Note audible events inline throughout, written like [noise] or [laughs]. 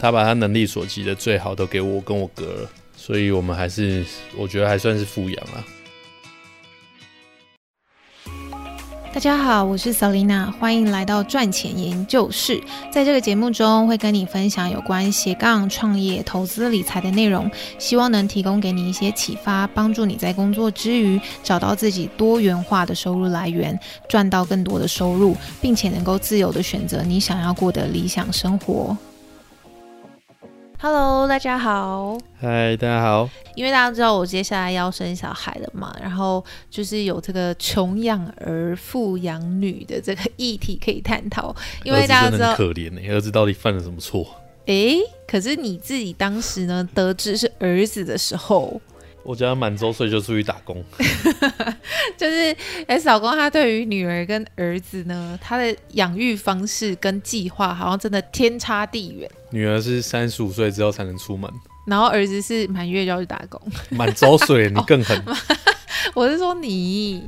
他把他能力所及的最好都給我跟我哥了，所以我們還是我覺得還算是富養啊。大家好，我是 Selina，歡迎來到賺錢研究室。在這個節目中會跟你分享有關斜槓創業、投資、理財的內容，希望能提供給你一些啟發，幫助你在工作之餘找到自己多元化的收入來源，賺到更多的收入，並且能夠自由的選擇你想要過的理想生活。Hello，大家好。Hi，大家好。因為大家知道我接下來要生小孩了嘛，然後就是有這個窮養兒、富養女的這個議題可以探討。因為大家知道，兒子真的很可憐哎，兒子到底犯了什麼錯？欸？可是你自己當時呢，得知是兒子的時候。我覺得滿周歲就出去打工， [laughs] 就是哎，老公他對於女兒跟兒子呢，他的養育方式跟計劃好像真的天差地遠。女兒是三十五歲之後才能出門，然後兒子是滿月就要去打工滿。滿周歲你更狠哦。 [laughs] 我是說你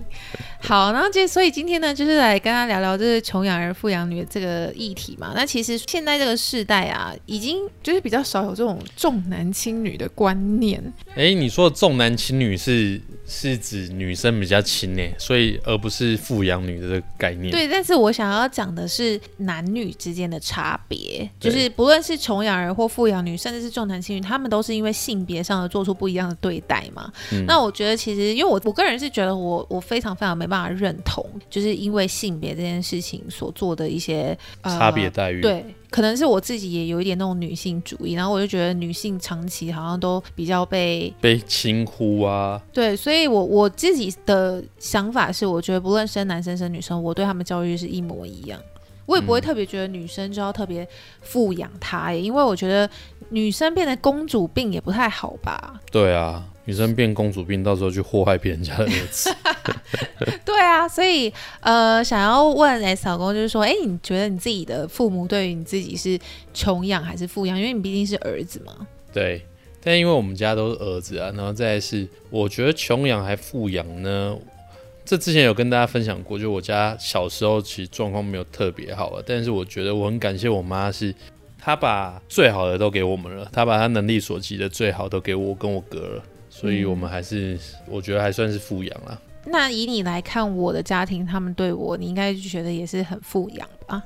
好，然後今所以今天呢，就是來跟他聊聊這個窮養兒、富養女的這個議題嘛。那其實現在這個世代啊，已經就是比較少有這種重男輕女的觀念。哎、欸，你說重男輕女是是指女生比較輕呢，所以而不是富養女的這個概念。對，但是我想要講的是男女之間的差別，就是不論是窮養兒或富養女，甚至是重男輕女，他們都是因為性別上而做出不一樣的對待嘛。嗯、那我覺得其實因為我。我個人是覺得我我非常非常沒辦法認同，就是因為性別這件事情所做的一些、呃、差別待遇。對，可能是我自己也有一點那種女性主義，然後我就覺得女性長期好像都比較被被輕忽啊。對，所以我我自己的想法是，我覺得不論生男生生女生，我對他們教育是一模一樣。我也不會特別覺得女生就要特別富養她耶，嗯、因為我覺得女生變得公主病也不太好吧？對啊。女生變公主病，到時候去禍害別人家的兒子。 [laughs] 對啊，所以呃，想要問 S 老公就是說，哎、欸，你覺得你自己的父母對於你自己是窮養還是富養？因為你畢竟是兒子嘛。對，但因為我們家都是兒子啊，然後再是，我覺得窮養還富養呢。這之前有跟大家分享過，就我家小時候其實狀況沒有特別好啊，但是我覺得我很感謝我媽，是她把最好的都給我們了，她把她能力所及的最好的都給我跟我哥了。所以，我們還是、嗯、我覺得還算是富養啦。那以你來看，我的家庭他們對我，你應該就覺得也是很富養吧？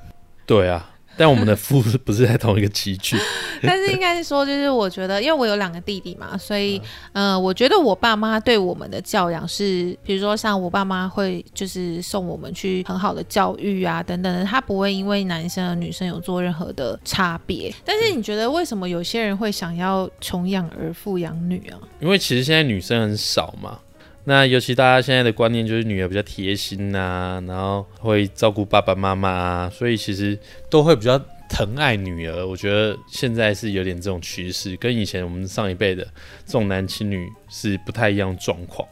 對啊。但我們的父是不是在同一個集聚？ [laughs] 但是應該是說，就是我覺得，因為我有兩個弟弟嘛，所以，嗯、呃，我覺得我爸媽對我們的教養是，比如說像我爸媽會就是送我們去很好的教育啊等等的，他不會因為男生和女生有做任何的差別。但是你覺得為什麼有些人會想要窮養兒富養女啊？嗯、因為其實現在女生很少嘛。那尤其大家現在的觀念就是女兒比較貼心呐、啊，然後會照顧爸爸媽媽、啊，所以其實都會比較疼愛女兒。我覺得現在是有點這種趨勢，跟以前我們上一輩的重男輕女是不太一樣狀況。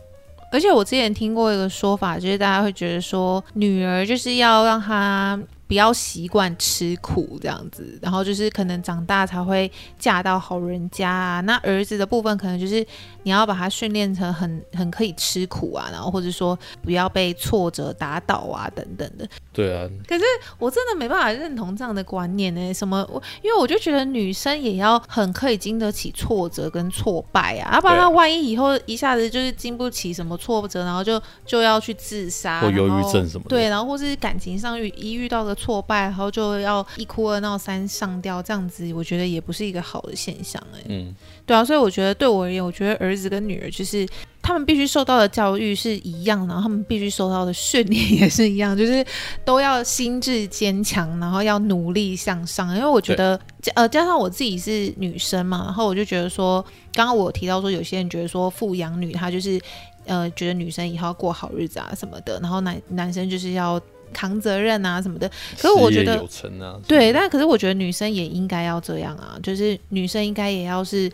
而且我之前聽過一個說法，就是大家會覺得說女兒就是要讓她。不要習慣吃苦這樣子，然後就是可能長大才會嫁到好人家啊。那兒子的部分可能就是你要把他訓練成很很可以吃苦啊，然後或者說不要被挫折打倒啊等等的。對啊，可是我真的沒辦法認同這樣的觀念呢、欸。什麼？我因為我就覺得女生也要很可以經得起挫折跟挫敗啊，要不然她萬一以後一下子就是經不起什麼挫折，然後就就要去自殺或憂鬱症什麼的。對，然後或是感情上遇一遇到的。挫敗，然後就要一哭二鬧三上吊，這樣子我覺得也不是一個好的現象哎、欸。嗯，對啊，所以我覺得對我而言，我覺得兒子跟女兒就是他們必須受到的教育是一樣，然後他們必須受到的訓練也是一樣，就是都要心智堅強，然後要努力向上。因為我覺得，對加呃，加上我自己是女生嘛，然後我就覺得說，剛剛我提到說，有些人覺得說富養女她就是，呃，覺得女生以後要過好日子啊什麼的，然後男男生就是要。扛責任啊什麼的，可是我覺得事業有成，啊，是不是？對，但可是我覺得女生也應該要這樣啊，就是女生應該也要是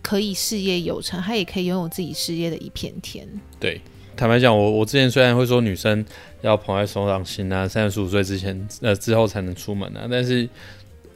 可以事業有成，她也可以擁有自己事業的一片天。對，坦白講，我我之前雖然會說女生要捧在手掌心啊，三十五歲之前呃，之後才能出門啊，但是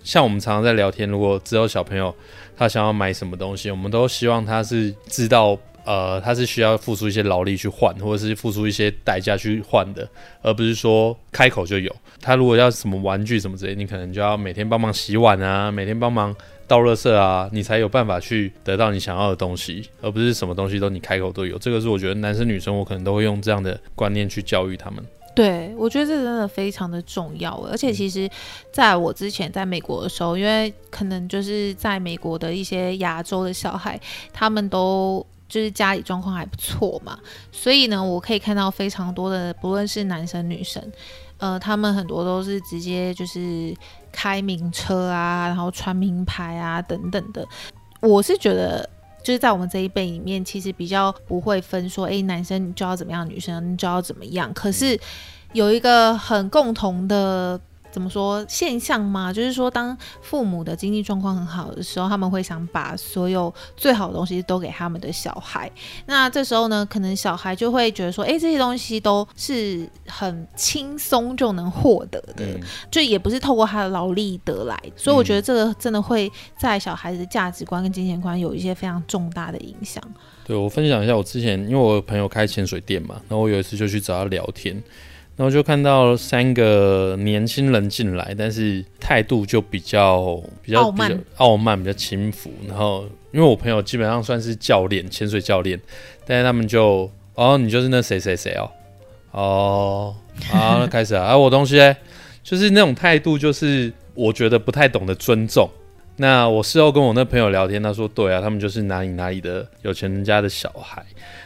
像我們常常在聊天，如果之後小朋友他想要買什麼東西，我們都希望他是知道。呃，他是需要付出一些勞力去換，或者是付出一些代價去換的，而不是說開口就有。他如果要什麼玩具什麼之類，你可能就要每天幫忙洗碗啊，每天幫忙倒垃圾啊，你才有辦法去得到你想要的東西，而不是什麼東西都你開口都有。這個是我覺得男生女生我可能都會用這樣的觀念去教育他們。對，我覺得這真的非常的重要。而且其實在我之前在美國的時候，嗯，因為可能就是在美國的一些亞洲的小孩，他們都。就是家裡狀況還不錯嘛，所以呢，我可以看到非常多的，不論是男生女生，呃，他們很多都是直接就是開名車啊，然後穿名牌啊等等的。我是覺得，就是在我們這一輩裡面，其實比較不會分說，欸，男生就要怎麼樣，女生就要怎麼樣。可是有一個很共同的。怎麼說現象嘛？就是說，當父母的經濟狀況很好的時候，他們會想把所有最好的東西都給他們的小孩。那這時候呢，可能小孩就會覺得說，哎、欸，這些東西都是很輕鬆就能獲得的，嗯、就也不是透過他的勞力得來。所以我覺得這個真的會在小孩子的價值觀跟金錢觀有一些非常重大的影響。對，我分享一下，我之前因為我朋友開潛水店嘛，然後我有一次就去找他聊天。然後就看到三個年輕人進來，但是態度就比較比較，慢比較傲慢，傲慢比較輕浮。然後因為我朋友基本上算是教練，潛水教練，但是他們就哦，你就是那誰誰誰哦，哦，好，啊，那開始了 [laughs] 啊，我東西呢，就是那種態度，就是我覺得不太懂得尊重。那我事後跟我那朋友聊天，他說：“對啊，他們就是哪裡哪裡的有錢人家的小孩。”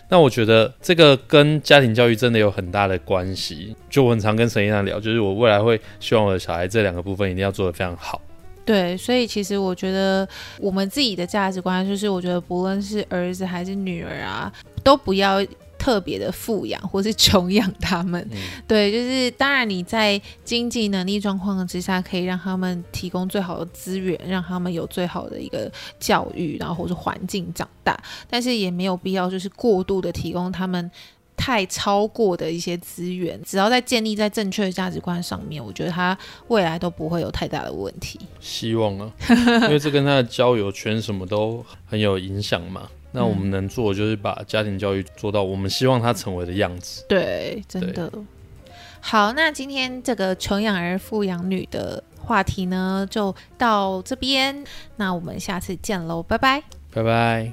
那我覺得這個跟家庭教育真的有很大的關係。就我很常跟陳一楠聊，就是我未來會希望我的小孩這兩個部分一定要做得非常好。對，所以其實我覺得我們自己的價值觀就是，我覺得不論是兒子還是女兒啊，都不要。特別的富養或是窮養他們，嗯、對，就是當然你在經濟能力狀況之下，可以讓他們提供最好的資源，讓他們有最好的一個教育，然後或是環境長大。但是也沒有必要就是過度的提供他們太超過的一些資源，只要在建立在正確的價值觀上面，我覺得他未來都不會有太大的問題。希望啊， [laughs] 因為這跟他的交友圈什麼都很有影響嘛。那我們能做的就是把家庭教育做到我們希望他成為的樣子。嗯、對，真的。對好，那今天這個窮養兒富養女的話題呢，就到這邊。那我們下次見嘍，拜拜，拜拜。